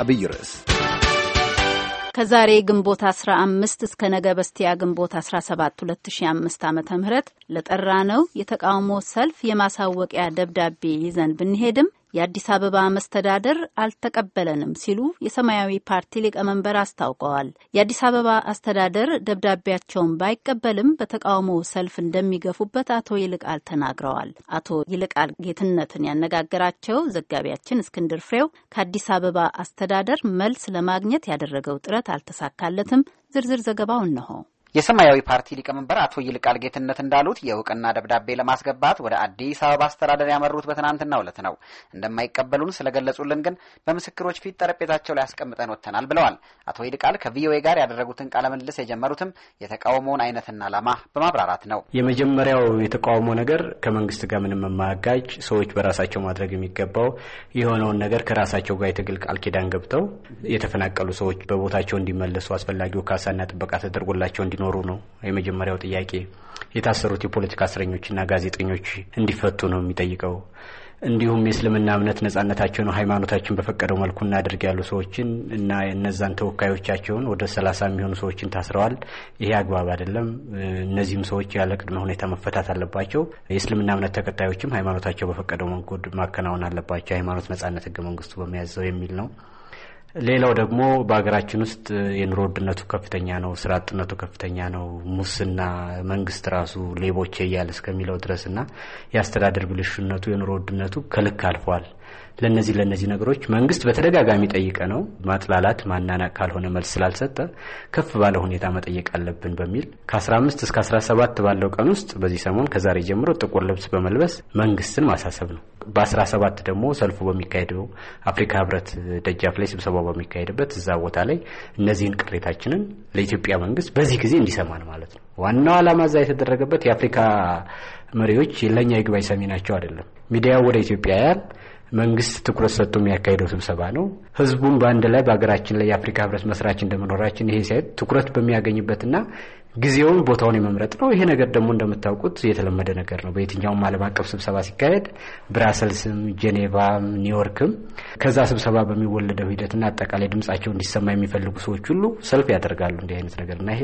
አብይ ርዕስ ከዛሬ ግንቦት 15 እስከ ነገ በስቲያ ግንቦት 17 2005 ዓ ም ለጠራ ነው የተቃውሞ ሰልፍ የማሳወቂያ ደብዳቤ ይዘን ብንሄድም የአዲስ አበባ መስተዳደር አልተቀበለንም ሲሉ የሰማያዊ ፓርቲ ሊቀመንበር አስታውቀዋል። የአዲስ አበባ አስተዳደር ደብዳቤያቸውን ባይቀበልም በተቃውሞ ሰልፍ እንደሚገፉበት አቶ ይልቃል ተናግረዋል። አቶ ይልቃል ጌትነትን ያነጋገራቸው ዘጋቢያችን እስክንድር ፍሬው ከአዲስ አበባ አስተዳደር መልስ ለማግኘት ያደረገው ጥረት አልተሳካለትም። ዝርዝር ዘገባው እነሆ። የሰማያዊ ፓርቲ ሊቀመንበር አቶ ይልቃል ጌትነት እንዳሉት የእውቅና ደብዳቤ ለማስገባት ወደ አዲስ አበባ አስተዳደር ያመሩት በትናንትናው ውለት ነው። እንደማይቀበሉን ስለገለጹልን ግን በምስክሮች ፊት ጠረጴዛቸው ላይ አስቀምጠን ወጥተናል ብለዋል። አቶ ይልቃል ከቪኦኤ ጋር ያደረጉትን ቃለ ምልልስ የጀመሩትም የተቃውሞውን አይነትና ዓላማ በማብራራት ነው። የመጀመሪያው የተቃውሞ ነገር ከመንግስት ጋር ምንም የማያጋጭ ሰዎች በራሳቸው ማድረግ የሚገባው የሆነውን ነገር ከራሳቸው ጋር የትግል ቃል ኪዳን ገብተው የተፈናቀሉ ሰዎች በቦታቸው እንዲመለሱ አስፈላጊው ካሳና ጥበቃ ተደርጎላቸው እንዲኖ እንዲኖሩ ነው የመጀመሪያው ጥያቄ። የታሰሩት የፖለቲካ እስረኞችና ጋዜጠኞች እንዲፈቱ ነው የሚጠይቀው። እንዲሁም የእስልምና እምነት ነጻነታቸውን ሃይማኖታችን በፈቀደው መልኩ እናድርግ ያሉ ሰዎችን እና እነዛን ተወካዮቻቸውን ወደ ሰላሳ የሚሆኑ ሰዎችን ታስረዋል። ይሄ አግባብ አይደለም። እነዚህም ሰዎች ያለ ቅድመ ሁኔታ መፈታት አለባቸው። የእስልምና እምነት ተከታዮችም ሃይማኖታቸው በፈቀደው መንገድ ማከናወን አለባቸው። ሃይማኖት ነጻነት ህገ መንግስቱ በሚያዘው የሚል ነው። ሌላው ደግሞ በሀገራችን ውስጥ የኑሮ ውድነቱ ከፍተኛ ነው፣ ስራ አጥነቱ ከፍተኛ ነው። ሙስና መንግስት ራሱ ሌቦቼ እያለ እስከሚለው ድረስ እና የአስተዳደር ብልሹነቱ የኑሮ ውድነቱ ከልክ አልፏል። ለነዚህ ለነዚህ ነገሮች መንግስት በተደጋጋሚ ጠይቀ ነው ማጥላላት ማናናቅ ካልሆነ መልስ ስላልሰጠ ከፍ ባለ ሁኔታ መጠየቅ አለብን በሚል ከ15 እስከ 17 ባለው ቀን ውስጥ በዚህ ሰሞን ከዛሬ ጀምሮ ጥቁር ልብስ በመልበስ መንግስትን ማሳሰብ ነው። በ17 ደግሞ ሰልፉ በሚካሄደው አፍሪካ ህብረት ደጃፍ ላይ ስብሰባ በሚካሄድበት እዛ ቦታ ላይ እነዚህን ቅሬታችንን ለኢትዮጵያ መንግስት በዚህ ጊዜ እንዲሰማን ማለት ነው። ዋናው ዓላማ እዛ የተደረገበት የአፍሪካ መሪዎች ለእኛ ይግባኝ ሰሚ ናቸው አይደለም። ሚዲያው ወደ ያል መንግስት ትኩረት ሰጥቶ የሚያካሄደው ስብሰባ ነው። ህዝቡም በአንድ ላይ በሀገራችን ላይ የአፍሪካ ህብረት መስራች እንደመኖራችን ይሄ ሳይት ትኩረት በሚያገኝበትና ጊዜውን ቦታውን የመምረጥ ነው። ይሄ ነገር ደግሞ እንደምታውቁት የተለመደ ነገር ነው። በየትኛውም ዓለም አቀፍ ስብሰባ ሲካሄድ ብራሰልስም፣ ጄኔቫም፣ ኒውዮርክም ከዛ ስብሰባ በሚወለደው ሂደትና አጠቃላይ ድምጻቸው እንዲሰማ የሚፈልጉ ሰዎች ሁሉ ሰልፍ ያደርጋሉ። እንዲህ አይነት ነገር እና ይሄ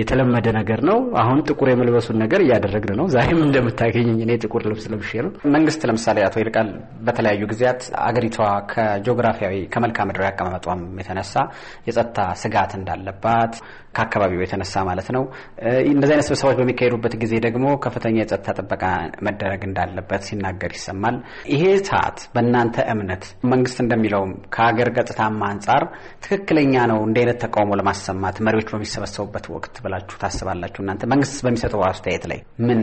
የተለመደ ነገር ነው። አሁን ጥቁር የመልበሱን ነገር እያደረግን ነው። ዛሬም እንደምታገኘኝ እኔ ጥቁር ልብስ ለብሼ ነው። መንግስት ለምሳሌ አቶ ይልቃል በተለያዩ ጊዜያት አገሪቷ ከጂኦግራፊያዊ ከመልክዓ ምድራዊ አቀማመጧም የተነሳ የጸጥታ ስጋት እንዳለባት ከአካባቢው የተነሳ ማለት ነው እንደዚህ አይነት ስብሰባዎች በሚካሄዱበት ጊዜ ደግሞ ከፍተኛ የጸጥታ ጥበቃ መደረግ እንዳለበት ሲናገር ይሰማል። ይሄ ሰዓት በእናንተ እምነት መንግስት እንደሚለውም ከሀገር ገጽታማ አንጻር ትክክለኛ ነው እንደ አይነት ተቃውሞ ለማሰማት መሪዎች በሚሰበሰቡበት ወቅት ብላችሁ ታስባላችሁ? እናንተ መንግስት በሚሰጠው አስተያየት ላይ ምን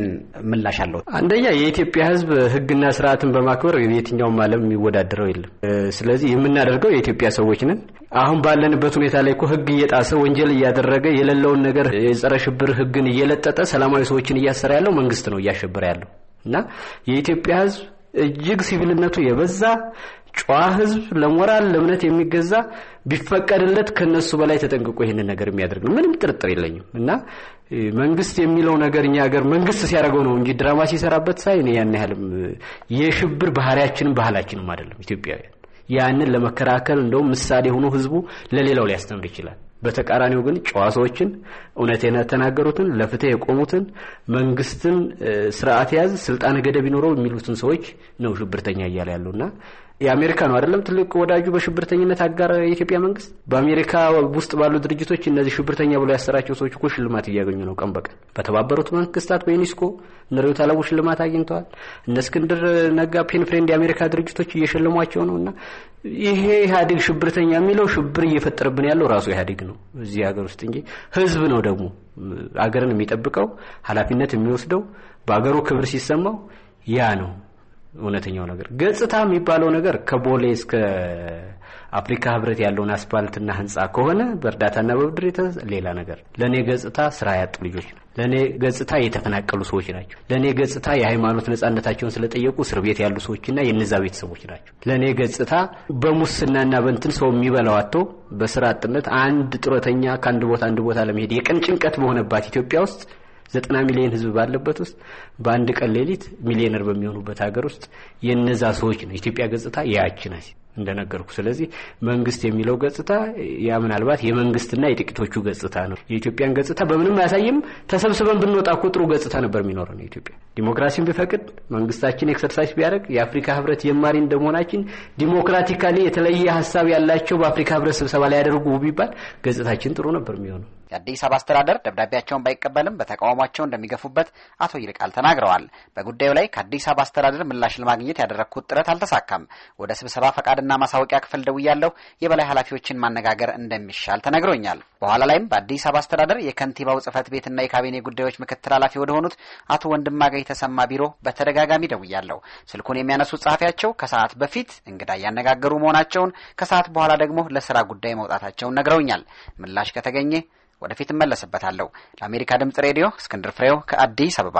ምላሽ አለው? አንደኛ የኢትዮጵያ ህዝብ ህግና ስርዓትን በማክበር የትኛውም ዓለም የሚወዳደረው የለም። ስለዚህ የምናደርገው የኢትዮጵያ ሰዎች ነን። አሁን ባለንበት ሁኔታ ላይ እኮ እየጣሰ ወንጀል እያደረገ የሌለውን ነገር የጸረ የጸረ ሽብር ህግን እየለጠጠ ሰላማዊ ሰዎችን እያሰረ ያለው መንግስት ነው እያሸበረ ያለው እና የኢትዮጵያ ህዝብ እጅግ ሲቪልነቱ የበዛ ጨዋ ህዝብ ለሞራል ለእምነት የሚገዛ ቢፈቀድለት ከነሱ በላይ ተጠንቅቆ ይህንን ነገር የሚያደርግ ነው። ምንም ጥርጥር የለኝም እና መንግስት የሚለው ነገር እኛ ሀገር መንግስት ሲያደርገው ነው እንጂ ድራማ ሲሰራበት ሳይ ያን ያህልም የሽብር ባህሪያችንም ባህላችንም አይደለም ኢትዮጵያውያን። ያንን ለመከራከል እንደውም ምሳሌ ሆኖ ህዝቡ ለሌላው ሊያስተምር ይችላል። በተቃራኒው ግን ጨዋ ሰዎችን እውነት የተናገሩትን ለፍትህ የቆሙትን መንግስትን ስርዓት የያዝ ስልጣን ገደብ ይኖረው የሚሉትን ሰዎች ነው ሽብርተኛ እያለ የአሜሪካ ነው አይደለም ትልቅ ወዳጁ በሽብርተኝነት አጋር የኢትዮጵያ መንግስት። በአሜሪካ ውስጥ ባሉ ድርጅቶች እነዚህ ሽብርተኛ ብሎ ያሰራቸው ሰዎች እኮ ሽልማት እያገኙ ነው ቀን በቀን። በተባበሩት መንግስታት በዩኒስኮ እነ ሪዮት አለሙ ሽልማት አግኝተዋል። እነ እስክንድር ነጋ ፔን ፍሬንድ የአሜሪካ ድርጅቶች እየሸለሟቸው ነው እና ይሄ ኢህአዴግ ሽብርተኛ የሚለው ሽብር እየፈጠረብን ያለው ራሱ ኢህአዴግ ነው እዚህ ሀገር ውስጥ እንጂ ህዝብ ነው ደግሞ አገርን የሚጠብቀው ኃላፊነት የሚወስደው በአገሩ ክብር ሲሰማው ያ ነው እውነተኛው ነገር ገጽታ የሚባለው ነገር ከቦሌ እስከ አፍሪካ ህብረት ያለውን አስፓልትና ህንፃ ከሆነ በእርዳታና በብድር ሌላ ነገር። ለእኔ ገጽታ ስራ ያጡ ልጆች፣ ለእኔ ገጽታ የተፈናቀሉ ሰዎች ናቸው። ለእኔ ገጽታ የሃይማኖት ነጻነታቸውን ስለጠየቁ እስር ቤት ያሉ ሰዎችና የነዛ ቤተሰቦች ናቸው። ለእኔ ገጽታ በሙስናና በእንትን ሰው የሚበላው አቶ በስራ አጥነት አንድ ጡረተኛ ከአንድ ቦታ አንድ ቦታ ለመሄድ የቀን ጭንቀት በሆነባት ኢትዮጵያ ውስጥ ዘጠና ሚሊዮን ህዝብ ባለበት ውስጥ በአንድ ቀን ሌሊት ሚሊዮነር በሚሆኑበት ሀገር ውስጥ የነዛ ሰዎች ነው የኢትዮጵያ ገጽታ ያች ናት እንደነገርኩ። ስለዚህ መንግስት የሚለው ገጽታ ያ ምናልባት የመንግስትና የጥቂቶቹ ገጽታ ነው። የኢትዮጵያን ገጽታ በምንም አያሳይም። ተሰብስበን ብንወጣ እኮ ጥሩ ገጽታ ነበር ነው። ኢትዮጵያ ዲሞክራሲን ቢፈቅድ መንግስታችን ኤክሰርሳይዝ ቢያደርግ የአፍሪካ ህብረት የማሪ እንደመሆናችን ዲሞክራቲካሊ የተለየ ሀሳብ ያላቸው በአፍሪካ ህብረት ስብሰባ ላይ ያደርጉ ቢባል ገጽታችን ጥሩ ነበር የሚሆነው። የአዲስ አበባ አስተዳደር ደብዳቤያቸውን ባይቀበልም በተቃውሟቸው እንደሚገፉበት አቶ ይልቃል ተናግረዋል። በጉዳዩ ላይ ከአዲስ አበባ አስተዳደር ምላሽ ለማግኘት ያደረግኩት ጥረት አልተሳካም። ወደ ስብሰባ ፈቃድና ማሳወቂያ ክፍል ደውያለሁ። የበላይ ኃላፊዎችን ማነጋገር እንደሚሻል ተነግሮኛል። በኋላ ላይም በአዲስ አበባ አስተዳደር የከንቲባው ጽህፈት ቤትና የካቢኔ ጉዳዮች ምክትል ኃላፊ ወደ ሆኑት አቶ ወንድማገኝ የተሰማ ቢሮ በተደጋጋሚ ደውያለሁ። ስልኩን የሚያነሱት ጸሐፊያቸው ከሰዓት በፊት እንግዳ እያነጋገሩ መሆናቸውን ከሰዓት በኋላ ደግሞ ለስራ ጉዳይ መውጣታቸውን ነግረውኛል። ምላሽ ከተገኘ ወደፊት እመለስበታለሁ። ለአሜሪካ ድምጽ ሬዲዮ እስክንድር ፍሬው ከአዲስ አበባ